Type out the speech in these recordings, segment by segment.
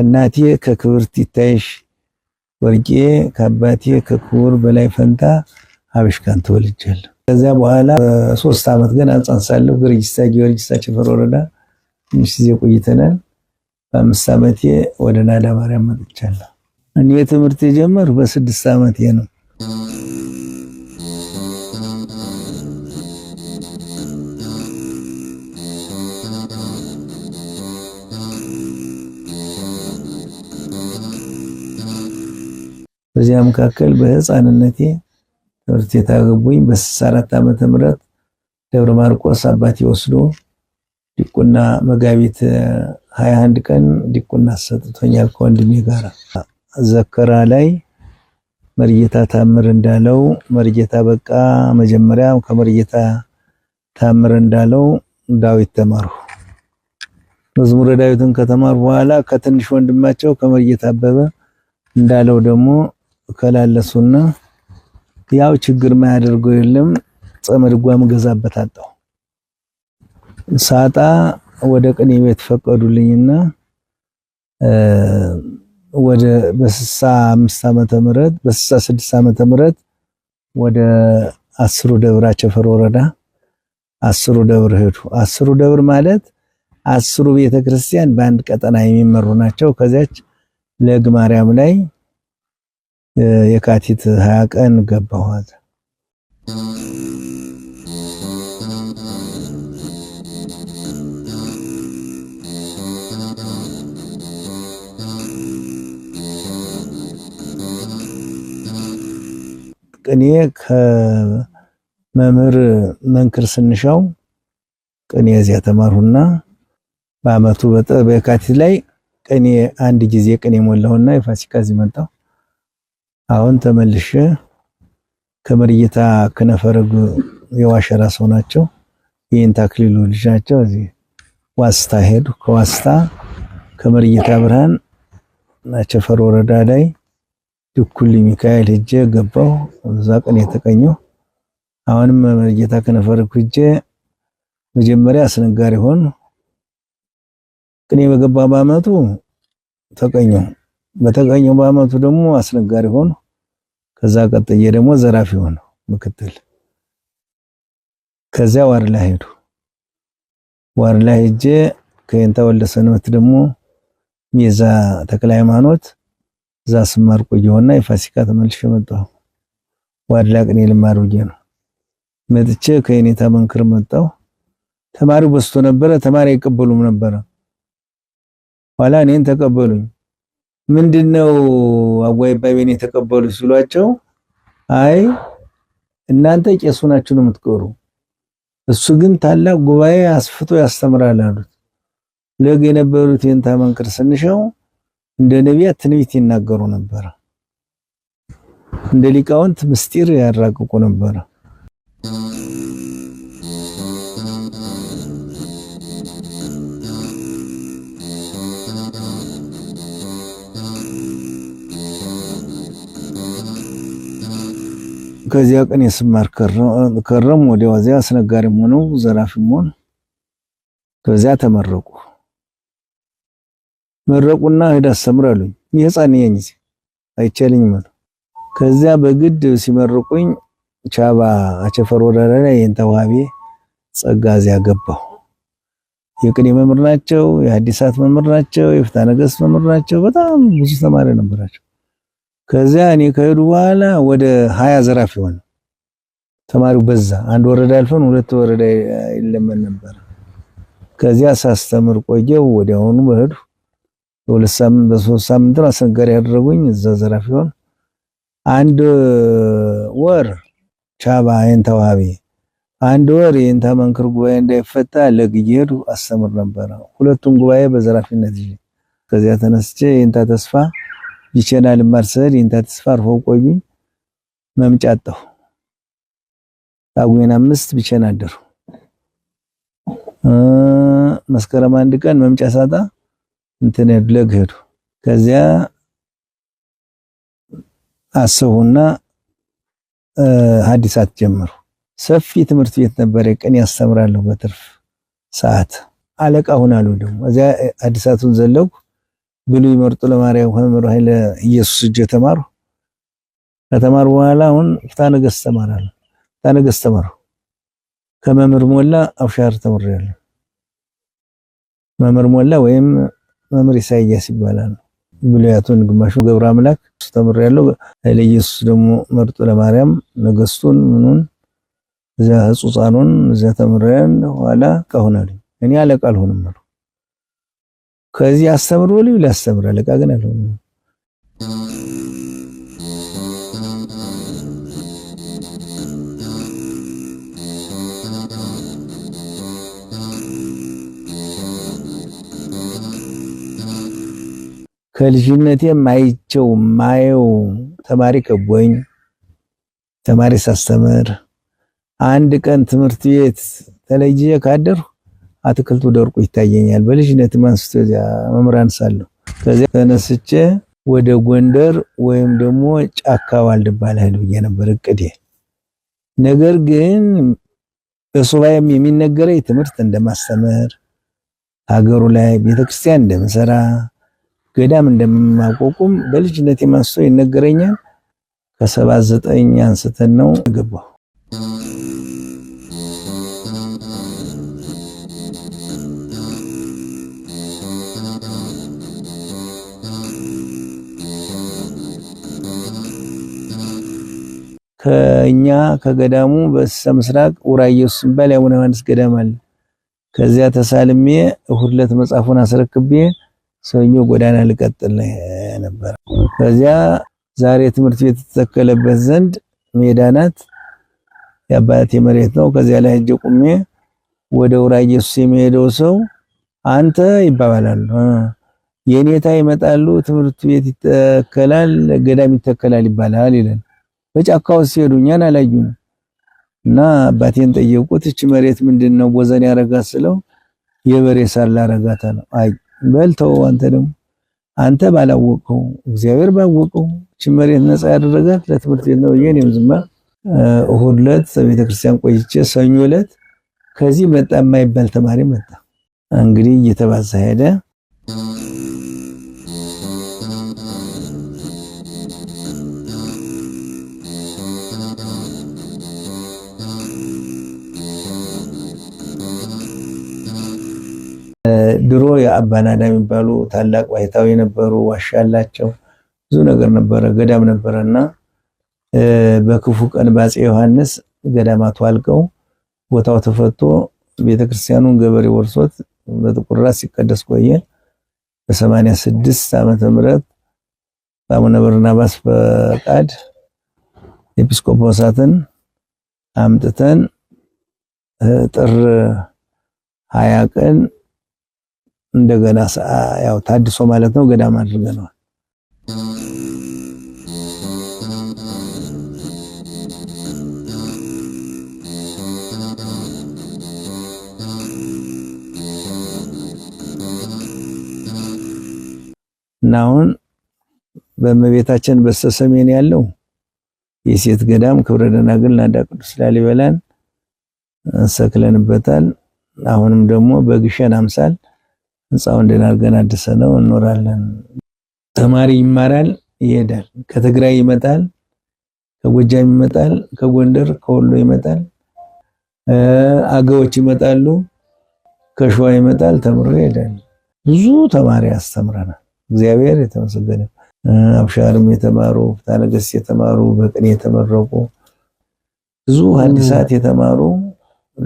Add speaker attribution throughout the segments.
Speaker 1: ከእናቴ ከክብርት ይታይሽ ወርቄ ከአባቴ ከክቡር በላይ ፈንታ አብሽካን ተወልጃለሁ። ከዚያ በኋላ ሶስት ዓመት ግን አንጻንሳለሁ ግርጅሳ ጊዮርጊስ ቸፈር ወረዳ ትንሽ ጊዜ ቆይተናል። በአምስት ዓመቴ ወደ ናዳ ማርያም መጥቻለሁ። እኔ ትምህርት የጀመር በስድስት ዓመቴ ነው። በዚያ መካከል በህፃንነቴ ትምህርት የታገቡኝ በ አራት ዓመተ ምህረት ደብረ ማርቆስ አባቴ ወስዶ ዲቁና መጋቢት 21 ቀን ዲቁና ሰጥቶኛል ከወንድሜ ጋር። ዘከራ ላይ መርጌታ ታምር እንዳለው መርጌታ በቃ መጀመሪያ ከመርጌታ ታምር እንዳለው ዳዊት ተማርሁ። መዝሙረ ዳዊትን ከተማርሁ በኋላ ከትንሽ ወንድማቸው ከመርጌታ አበበ እንዳለው ደግሞ ከላለሱና ያው ችግር ማያደርገው የለም። ጸመድ ገዛበት አጣው ሳጣ ወደ ቅኔ ቤት ፈቀዱልኝና ወደ በስሳ አምስት ዓመተ ምህረት በስሳ ስድስት ዓመተ ምህረት ወደ አስሩ ደብር አቸፈር ወረዳ አስሩ ደብር ሄዱ። አስሩ ደብር ማለት አስሩ ቤተክርስቲያን በአንድ ቀጠና የሚመሩ ናቸው። ከዚያች ለግ ማርያም ላይ የካቲት ሀያ ቀን ገባኋት። ቅኔ ከመምህር መንክር ስንሻው ቅኔ እዚያ ተማርሁና በአመቱ በየካቲት ላይ ቅኔ አንድ ጊዜ ቅኔ ሞላሁና የፋሲካ እዚህ መጣሁ። አሁን ተመልሼ ከመርየታ ከነፈረጉ የዋሸራ ሰው ናቸው። ይህን ታክሊሉ ልጅ ናቸው። እዚህ ዋስታ ሄዱ። ከዋስታ ከመርየታ ብርሃን ናቸፈር ወረዳ ላይ ድኩል ሚካኤል ሄጄ ገባው። እዛ ቀን የተቀኘው አሁንም መርጌታ ከነፈረጉ መጀመሪያ አስነጋሪ ሆን ቅኔ በገባ በአመቱ ተቀኘው። በተገኘው በአመቱ ደግሞ አስነጋሪ ሆኖ ከዛ ቀጥዬ ደግሞ ዘራፊ ሆኖ ምክትል። ከዚያ ዋርላ ሄዱ። ዋርላ ሄጄ ከእንታ ወልደ ሰንበት ደግሞ ሚዛ ተክለ ሃይማኖት እዛ ስማር ቆየሁና የፋሲካ ተመልሼ መጣሁ። ዋርላ ቅኔ ልማር ውዬ ነው መጥቼ ከእኔታ መንክር መጣሁ። ተማሪው በዝቶ ነበረ። ተማሪ አይቀበሉም ነበረ። ኋላ እኔን ተቀበሉኝ። ምንድነው አዋይ ባቤን የተቀበሉ ሲሏቸው፣ አይ እናንተ ቄሱ ናችሁ ነው የምትቀሩ፣ እሱ ግን ታላቅ ጉባኤ አስፍቶ ያስተምራል አሉት። ለግ የነበሩት የእንታ መንቅር ስንሸው እንደ ነቢያት ትንቢት ይናገሩ ነበር፣ እንደ ሊቃውንት ምስጢር ያራቅቁ ነበር። ከዚያ ቀን የስማር ከረም ወደ ወዚያ አስነጋሪም ሆነው ዘራፊም ሆን ከዚያ ተመረቁ መረቁና ሂድ አስተምራሉኝ የህፃን የኝዚ አይቻልኝም አሉ። ከዚያ በግድ ሲመርቁኝ ቻባ አቸፈር ወረዳ ላይ የእንተ ዋቤ ጸጋ እዚያ ገባሁ። የቅኔ መምህር ናቸው፣ የሐዲሳት መምህር ናቸው፣ የፍትሐ ነገሥት መምህር ናቸው። በጣም ብዙ ተማሪ ነበራቸው። ከዚያ እኔ ከሄዱ በኋላ ወደ ሀያ ዘራፍ ይሆን ተማሪው በዛ። አንድ ወረዳ አልፈን ሁለት ወረዳ ይለመን ነበር። ከዚያ ሳስተምር ቆየው። ወዲያውኑ በሄዱ በሁለት ሳምንት በሶስት ሳምንት አስነጋሪ ያደረጉኝ እዛ ዘራፍ ይሆን አንድ ወር ቻባ አይን ተዋቢ አንድ ወር የእንታ መንክር ጉባኤ እንዳይፈታ ለግዬ ሄዱ አስተምር ነበረ። ሁለቱም ጉባኤ በዘራፊነት ከዚያ ተነስቼ የእንታ ተስፋ ይቼና ማርሰል ስል ይንታ ተስፋ አርፈው ቆዩኝ መምጫጠሁ አምስት ብቻዬን አደሩ። መስከረም አንድ ቀን መምጫ ሳጣ እንትን ያድለግ ሄዱ። ከዚያ አሰቡና ሀዲሳት ጀመሩ። ሰፊ ትምህርት ቤት ነበር። ቀን ያስተምራለሁ በትርፍ ሰዓት አለቃ ሁናሉ። ደግሞ እዚያ ሐዲሳቱን ዘለኩ ብሉይ መርጡ ለማርያም ከመምህሩ ኃይለ ኢየሱስ እጅ ተማሩ። ከተማር በኋላ አሁን ፍትሐ ነገሥት ተማራለሁ። ፍትሐ ነገሥት ተማርሁ ከመምህር ሞላ አብሻር ተምሬያለሁ። መምህር ሞላ ወይም መምህር ኢሳይያስ ይባላል። ብሉያቱን ግማሹ ገብረ አምላክ ተምሬያለሁ። ኃይለ ኢየሱስ ደግሞ መርጡ ለማርያም ነገስቱን ምኑን እዛ ህጹጻኑን እዛ ተምሬያን ኋላ ቀሁናል። እኔ አለቃ አልሆንም አልሁ ከዚህ አስተምሮ ሊውል ያስተምር አለቃ ግን አልሆነ። ከልጅነቴ ማይቸው ማየው ተማሪ ከቦኝ ተማሪ ሳስተምር አንድ ቀን ትምህርት ቤት ተለይዬ ካደርሁ አትክልቱ ደርቆ ይታየኛል። በልጅነት አንስቶ እዚያ መምህራን ሳለሁ ከዚያ ተነስቼ ወደ ጎንደር ወይም ደግሞ ጫካ ዋልድባ ልሄድ ብዬ ነበር እቅዴ። ነገር ግን በሱባኤም የሚነገረኝ ትምህርት እንደማስተምር፣ ሀገሩ ላይ ቤተክርስቲያን እንደምሰራ፣ ገዳም እንደማቋቁም በልጅነት አንስቶ ይነገረኛል። ከሰባ ዘጠኝ አንስተን ነው ገባሁ። ከኛ ከገዳሙ በስተ ምስራቅ ውራ ኢየሱስ ሲባል የአቡነ ዮሐንስ ገዳም አለ። ከዚያ ተሳልሜ እሁድ ዕለት መጽሐፉን አስረክቤ ሰውየው ጎዳና ልቀጥል ነበር። ከዚያ ዛሬ ትምህርት ቤት የተተከለበት ዘንድ ሜዳ ናት፣ የአባቴ መሬት ነው። ከዚያ ላይ ሂጄ ቁሜ ወደ ውራ ኢየሱስ የሚሄደው ሰው አንተ ይባባላሉ፣ የኔታ ይመጣሉ፣ ትምህርት ቤት ይተከላል፣ ገዳም ይተከላል ይባላል ይላል በጫካ ውስጥ ሲሄዱ እኛን አላዩንም እና አባቴን ጠየቁት። እች መሬት ምንድን ነው ቦዘን ያረጋት ስለው የበሬ ሳር ላረጋት ነው። አይ በልተው አንተ ደግሞ አንተ ባላወቀው እግዚአብሔር ባወቀው እች መሬት ነፃ ያደረጋት ለትምህርት ቤት ነው። የኔም ዝማ እሁድ ዕለት ቤተ ክርስቲያን ቆይቼ ሰኞ ዕለት ከዚህ መጣ የማይባል ተማሪ መጣ። እንግዲህ እየተባዛ ሄደ። ድሮ የአባናዳ የሚባሉ ታላቅ ባይታዊ ነበሩ። ዋሻ አላቸው። ብዙ ነገር ነበረ፣ ገዳም ነበረ እና በክፉ ቀን በአፄ ዮሐንስ ገዳማቱ አልቀው ቦታው ተፈቶ ቤተክርስቲያኑን ገበሬ ወርሶት በጥቁር ራስ ሲቀደስ ቆየ። በሰማንያ ስድስት ዓመተ ምህረት በአቡነ በርናባስ ፈቃድ ኤጲስቆጶሳትን አምጥተን ጥር ሀያ ቀን እንደገና ያው ታድሶ ማለት ነው ገዳም አድርገነዋል። እና አሁን በእመቤታችን በስተሰሜን ያለው የሴት ገዳም ክብረ ደናግል ናዳ ቅዱስ ላሊበላን እንሰክለንበታል። አሁንም ደግሞ በግሸን አምሳል ህንፃውን ደህና አድርገን አድሰነው እንኖራለን። ተማሪ ይማራል፣ ይሄዳል። ከትግራይ ይመጣል፣ ከጎጃም ይመጣል፣ ከጎንደር ከወሎ ይመጣል፣ አገዎች ይመጣሉ፣ ከሸዋ ይመጣል፣ ተምሮ ይሄዳል። ብዙ ተማሪ አስተምረናል። እግዚአብሔር የተመሰገነ። አብሻርም የተማሩ ታነገስ የተማሩ በቅኔ የተመረቁ ብዙ ሐዲሳት የተማሩ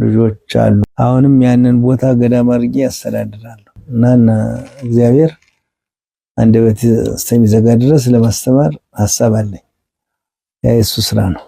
Speaker 1: ልጆች አሉ። አሁንም ያንን ቦታ ገዳም አድርጌ ያስተዳድራሉ። እናና እግዚአብሔር አንደበት እስከሚዘጋ ድረስ ለማስተማር ሀሳብ አለኝ። ያ የሱ ስራ ነው።